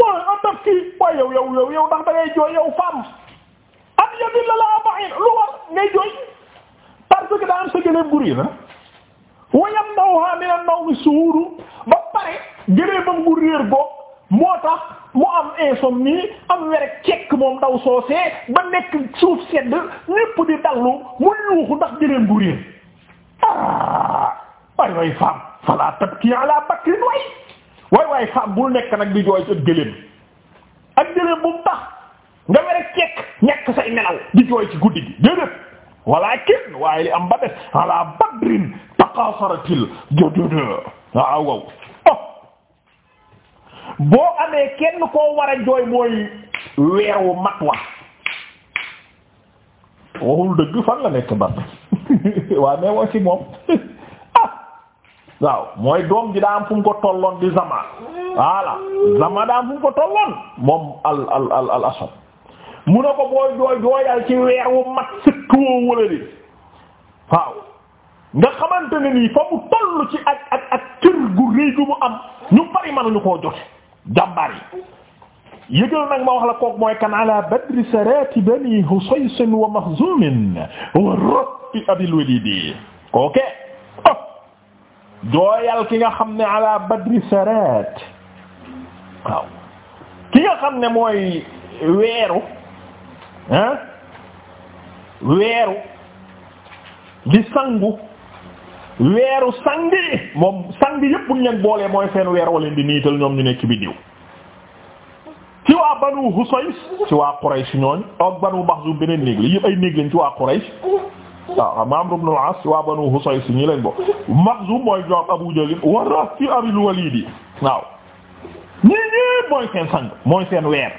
waaye am daf kii waaye yow yow yow yow ndax da ngay jooy yow femme am yadi la laa bahin lu war ngay jooy parce que daa am sa gëléem gu réer ah. wayam nawha min an-nawmi suhuuru ba pare gëléemam gu réer boobu moo tax mu am insomnie am were cekk moom daw soosee ba nekk suuf sedd ñépp di dallu mu yuuxu ndax jëleen bu réer ah waay waay faam fala tabki ala bakrin waay waay faam bul nekk nag di jooy ak gëléem ak gëléem bu tax nga were cekk ñekk say nelaw di jooy ci guddi gi déedéet walakin waaye li am ba def ala badrin taqasaratil jododo ah, waaw waaw boo amee kenn koo war a jooy mooy weer wu mat wa waxul dëgg fan la nekk ban waaw wax ci moom ah waaw mooy doom ji daa am fu ko tolloon di zama voilà zama daa am fu ko tolloon moom al al al al mu ne ko booy jooy jooyal ci weer wu mat sëkk woo di waaw nga xamante nii fa mu toll ci ak ak ak cër gu réy mu am ñu bari mënuñu koo jote jàmbaar yi yëgal nag ma wax la kook mooy kan ala badri sarati bani husays wa maxzumin wa rafi abil walidi kooke oh, jooyal ki nga xam ne ala badri xam ne mooy weeru ah weeru di weeru sang yi moom sang yëpp buñ leen boolee mooy seen weer waleen di niital ñoom ñu nekk biddiw ci waa banu Husays ci waa Quraysh ñooñ ak banu Maxzum beneen néeg la ay néeg lañ ci waa Quraysh waaw ma ibn al-As ci waa banu Husays ñi lañ bo Maxzum mooy jox Abu Jahl wara ci Abil yi waaw ñii ñëpp mooy seen sang mooy seen weer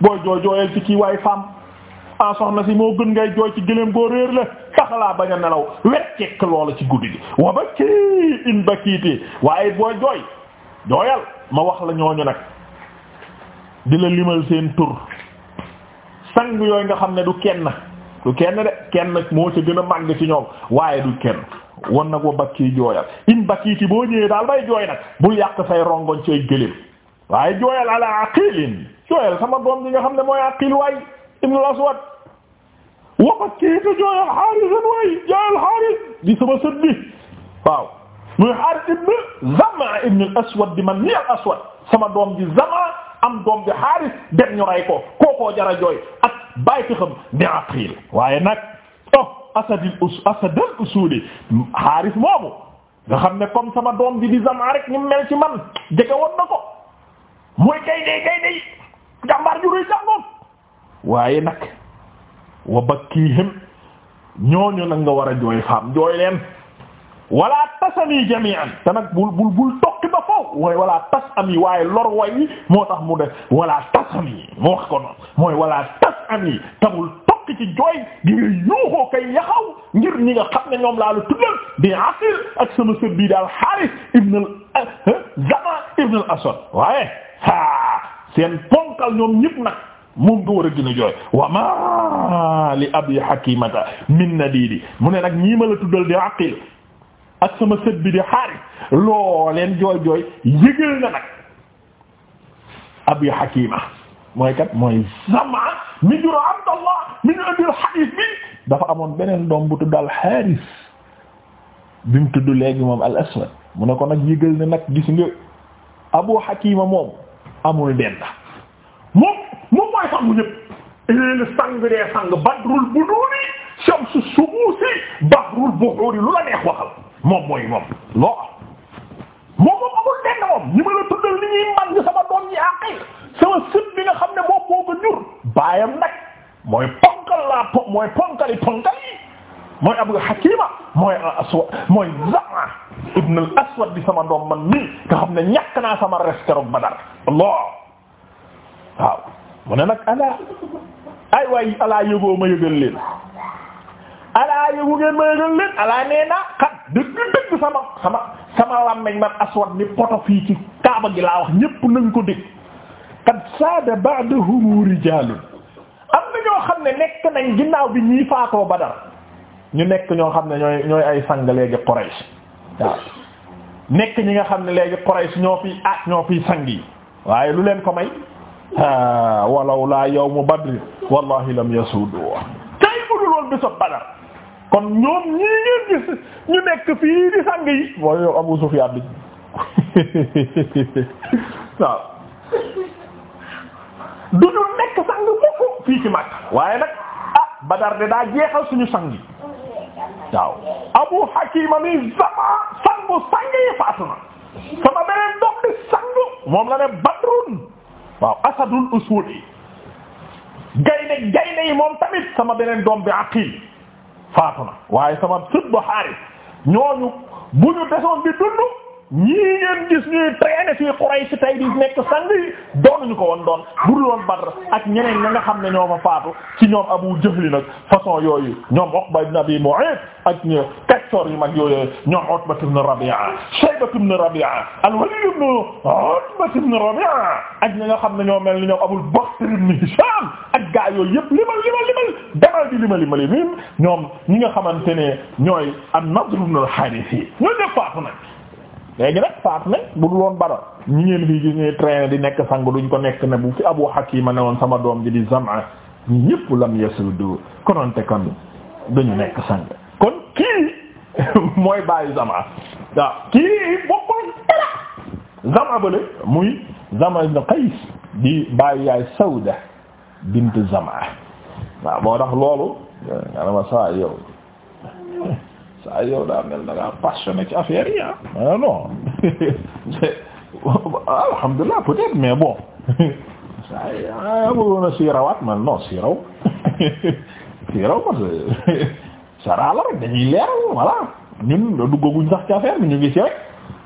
booy jooy jooyal ci kii waay femme ah soxna si moo gën ngay jooy ci gëléem goo réer la tax laa bañ a nelaw wet cekk loola ci guddi gi wa ba ci in waaye boo jooy jooyal ma wax la ñooñu nag di la limal seen tur sang yooyu nga xam ne du kenn du kenn de kenn moo ca gën a màgg ci ñoom waaye du kenn won nag wa bakki jooyal in bakkiiti boo ñëwee daal bay jooy nag bu yàq say rongoñ ci ay waaye jooyal ala aqilin jooyal sama doom bi nga xam ne mooy aqil waay ibnul aswad waxat kii te jooy alxaarisan waay jooy alxaaris di sama sët bi waaw muy xaaris ibn aswad di man ni aswad sama doom di Zama am doom di xaaris dem ñu rey ko jara jooy ak bàyyi xam di Aqil waaye nag oh asadil us asadal usuli xaaris moomu nga xam ne comme sama doom di di Zama rek ni mel man jege woon na kay day kay day jàmbaar ju rëy jàngoon waaye nag wa bakkihim ñooñu nag nga war a jooy faam jooy leen wala tasami jami'an te nag bul bul bul tokki ba foofu mooy wala tasami waaye lor way wi moo tax mu def wala tasami moo wax ko noonu mooy wala tasami te bul tokki ci jooy ngir yuuxoo kay yaxaw ngir ñi nga xam ne ñoom laa la tuddal bi asir ak sama sët bii daal Haaris ibn al eh, Zama ibn al Asad waaye haa seen ponkal ñoom ñëpp nag moom door a gën a jooy wa ma li abi hakimata min nadidi mu ne nag ñii ma la tuddal di aqil ak sama sët bi di xaari loo leen jooy jooy yëgal na nag abi hakima mooy kat mooy zama mi juro abdallah mi ñu andil hadith bi dafa amoon beneen doom bu tudd al xaaris bi mu tudd léegi moom al aswad mu ne ko nag yëgal na nag gis nga abu hakima moom amul denn moom moom mooy sangu ñëpp il sang dee sang badrul buduuni shamsu subuusi bahrul buhuuri lu la neex waxal moom mooy moom loo am moom moom amul lenn moom ñu ma la tuddal ni ñuy man gi sama doom yi sama sët bi xam ne boo koo ko baayam nag mooy ponkal laa po mooy ponkali ponkali mooy Abu Hakima mooy Zama ibn Aswad bi sama doom man mi nga xam ne ñàkk naa sama reskeroog Badar Allah mu ne nag ala ay waay alaa yëgoo ma yëgal leen alaa yëgu ngeen ma yëgal leen alaa nee naa xat dëgg dëgg sama sama sama làmmeñ man aswad ni poto fii ci kaaba gi laa wax ñépp nañ ko dégg kat saada ba'dahum rijaalun am na ñoo xam ne nekk nañ ginnaaw bi ñii faatoo Badar ñu nekk ñoo xam ne ñooy ñooy ay sang léegi Quraysh nekk ñi nga xam ne léegi Quraysh ñoo fiy aat ah, ñoo fiy sang yi waaye lu leen ko may walaw laa yawmu badrin wallahi lam yasudu tey mu dul woon bésab badar kon ñoom ñii ngeen ñu nekk fii di sang yi mooy yow Abu Sufyaan bi waaw du nekk sang mukk fii ci Makka waaye nag ah badar de daa jeexal suñu sang yi waaw Abu Hakiima mi sama sangu sang yi faatu na sama beneen doom di sangu moom la ne badrun waaw asadul usuul yi gaynde gaynde yi moom tamit sama beneen doom bi aqil faatu na waaye sama sët bu Haaris ñooñu bu ñu desoon bi dund ñii ngeen gis ñuy traîner fii Quraysh tay di nekk sang yi doonuñu ko woon doon buru doon Badr ak ñeneen ña nga xam ne ñoo fa faatu ci ñoom Abu Jahl nag façon yooyu ñoom Uqba ibn Abi Mu'ayt ak ñu kaccor yu mag yooyu ñoom Utba ibn Rabi'a Shayba ibn Rabi'a al-Walid ibn Utba ibn Rabi'a ak ña nga xam ne ñoo mel ni ñoom Abul Bakhtari ibn Hisham ak gaa yooyu yëpp limal limal limal demal di limal limal yi ñoom ñi nga xamante ne ñooy an-Nadr ibn al-Harith yi ñoo ñëpp faatu léegi nag faat ne bu dul woon Badar ñi ngeen fii gis ñuy traîner di nekk sang duñ ko nekk ne bu fi Abu Hakim ne woon sama doom ji di Zam'a ñi ñëpp lam yasudu kononte kon duñu nekk sang kon kii mooy bàyyi Zam'a waaw kii bokkul dara Zam'a bale muy Zam'a ibn Qays di bàyyi yaay Sawda bint Zam'a waaw moo tax loolu nga ne saa yow saa yow daa mel na ngaa passionné ci affaire yi ah. Ah, mais non alhamdulilah peut-être mais bon saa yi ah bëggoon a siirawaat man non siiraw siiraw parce que saraa la rek dañuy leer voilà ñun duggaguñ sax ci affaire bi ñu ngi ci rek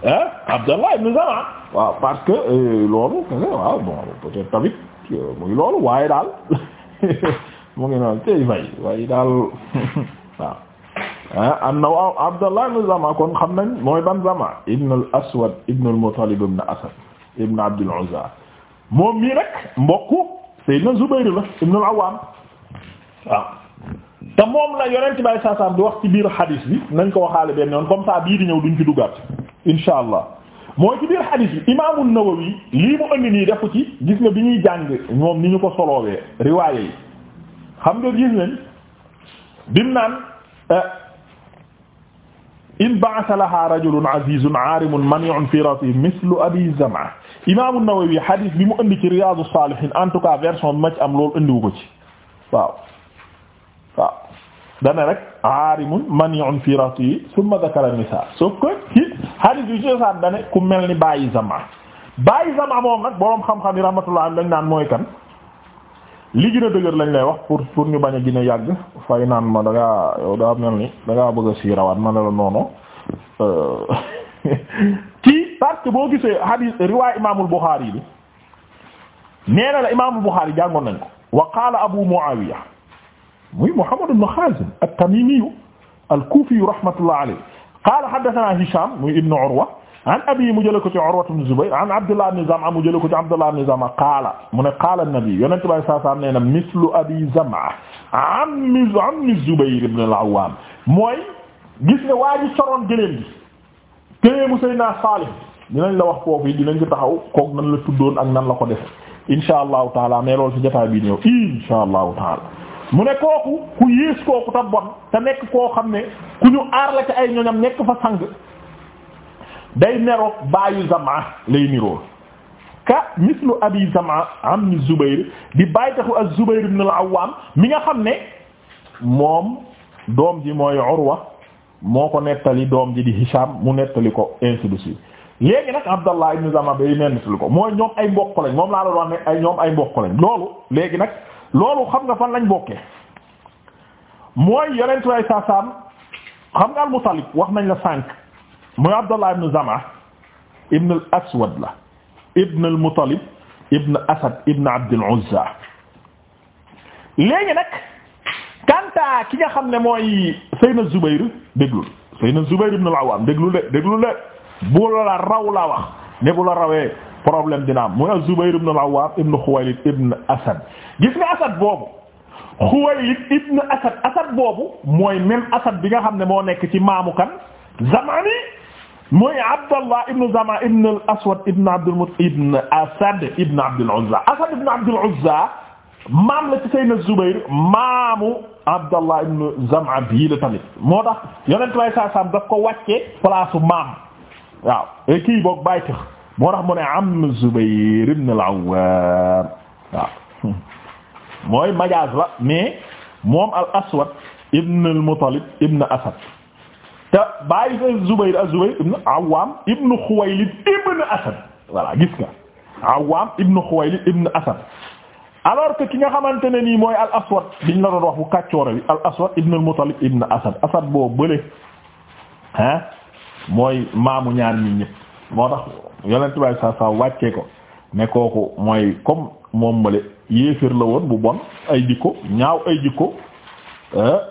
ah Abdallah ibn Zama waaw parce que euh, loolu waaw bon peut-être tamit euh, muy loolu waaye daal mu ngi noonu tey may waaye daal. Ah, anna Abdallah ibn Zama kon xam nañ mooy ban Zama ibn al-Aswad ibn al-Muttalib ibn Asad ibn Abd al moom la ibn al-Awwam ah. bi wax ci biir hadith bi nañ ko waxaale benn yoon comme ça ñëw duñ ci duggaat insha mooy ci biir bi Imaamu Nawawi lii mu indi nii defu ci gis nga bi ñuy jàng moom ni ñu ko soloowee riwaayé yi xam nga gis nañ bim naan. Eh, in ba'atha laha rajulun azizun aarimun mani'un fi ratihi mislu abi zam'a imaamu Nawawi hadis bi mu indi ci Riyadou Salihine en tout cas version bi ma ci am loolu indiwu ko ci waaw waaw dana rek aarimun mani'un fi ratihi thumma dhakara nisaa sauf que ci hadis bi ci sax dana ku mel ni bàyyi zam'a bàyyi zam'a moom nag boroom xam-xam yi rahmatullah lañ naan mooy kan. li gën a dëgër lañ lay wax pour pour ñu bañ a gën a yàgg fay naan ma da ngaa daa mel ni da ngaa bëgg a siirawaat ma ne la noonu euh, kii parce boo gisee hadith riwaay imaamul Buxaari bi nee na la imaamul Buxaari jàngoon nañ ko wa qaala Abu Muawiya muy Muhammad ibn Xaazim at-Tamimi al-Kufi rahmatullah alayhi qaala haddathana Hisham muy ibn Urwa an abi mu jële ko ci Urwa ibn Zubayr an Abdullah ibn Zam'a mu jële ko ci Abdullah ibn Zam'a qaala mu ne qaala an-nabi yonent bi sallallahu alayhi wa sallam nee na mislu abi Zam'a ammi ammi Zubayr ibn al-Awwam mooy gis nga waa ji soroon gëléem gi gëléemu Seydina Saalih dinañ la wax foofu yi dinañ ko taxaw kook nan la tuddoon ak nan la ko defe insha allahu taala mais loolu ci jotaay bi ñëw insha allahu taala mu ne kooku ku yées kooku ta bon te nekk koo xam ne ku ñu aar la ci ay ñoñam nekk fa sang day neroog baayu Zam'a lay nirool ka mislu abi Zam'a am Zubayr di bàyyi taxu az-Zubayr ibn al-Awwam mi nga xam ne moom doom ji mooy Urwa moo ko nettali doom ji di Hisham mu nettali ko ainsi de suite léegi nag Abdallah ibn Zam'a bay nettali ko mooy ñoom ay mbokk lañ moom laa doon wax ne ay ñoom ay mbokk lañ loolu léegi nag loolu xam nga fan lañ bokkee mooy yeneen turay saasaam xam nga al wax nañ la sànq. muy Abdallah ibn Zama ibn al Aswad la ibn al Muttalib ibn Asad ibn Abd al Uzza léegi nag kanta ki nga xam ne mooy Seyna Zubayr déglul Seyna Zubayr ibn al Awwam déglu le déglu le bu la raw la wax ne bu la rawee problème dina am muy az-Zubayr ibn al-Awwam ibn Khuwaylid ibn Asad gis nga Asad boobu Khuwaylid ibn Asad Asad boobu mooy même Asad bi nga xam ne moo nekk ci maamu kan Zamani mooy Abdallah ibn Zama ibn al-Aswad ibn Abdul Muttalib ibn Asad ibn Abdul Uzza Asad ibn Abdul Uzza maam la ci Seydina Zubayr maamu Abdallah ibn Zama bii la tamit moo tax Yonent bi saa saam daf ko wàcce place maam waaw kii boog bàyyi tax moo tax mu ne am Zubayr ibn al-Awwam waaw mooy majaaz la mais moom al-Aswad ibn al-Muttalib ibn Asad te bàyyi sa Zubayr az-Zubayr ibn Awwam ibn Khuwaylid ibn Asad voilà gis nga Awwam ibn Khuwaylid ibn Asad alors que ki nga xamante ne nii mooy al aswad biñ la doon wax bu kàccoora bi al aswad ibn al muttalib ibn asad asad boo bële ah mooy maamu ñaar ñi ñëpp moo tax yonent baay saa saa wàccee ko ne kooku mooy comme moom bële yéeféer la woon bu bon ay jikko ñaaw ay jikko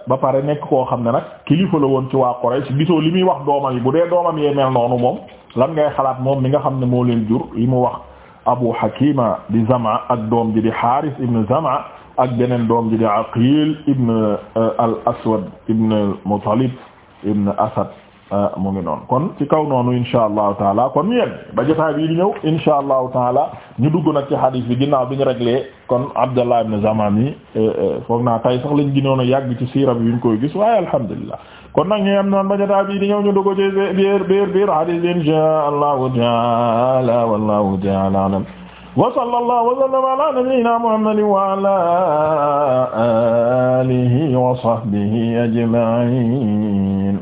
ba pare nekk koo xam ne nag kilifa la woon ci waa Quraysh gisoo li muy wax doomam yi bu dee doomam yee mel noonu moom lan ngay xalaat moom mi nga xam ne moo leen jur li mu wax Abu Hakima di Zama ak doom ji di Haris ibn Zama ak beneen doom ji di Aqil ibn euh, al Aswad ibn al Muttalib ibn Asad Ah, mu ngi noonu kon ci kaw noonu insha allahu taala kon ñu yegg ba jotaay bii di ñëw insha allahu taala ñu dugg nag ci hadith bi ginnaaw bi ñu réglé kon Abdallah ibn Zamami eh, eh, foog naa tay sax lañ ginoon a yàgg ci siira bi ñu koy gis waaye alhamdulillah kon nag ñu am noonu ba jotaay bii di ñëw ñu dugg ci biir biir biir hadith bi insha allahu taala wallahu taala alam wa sallallahu wa wa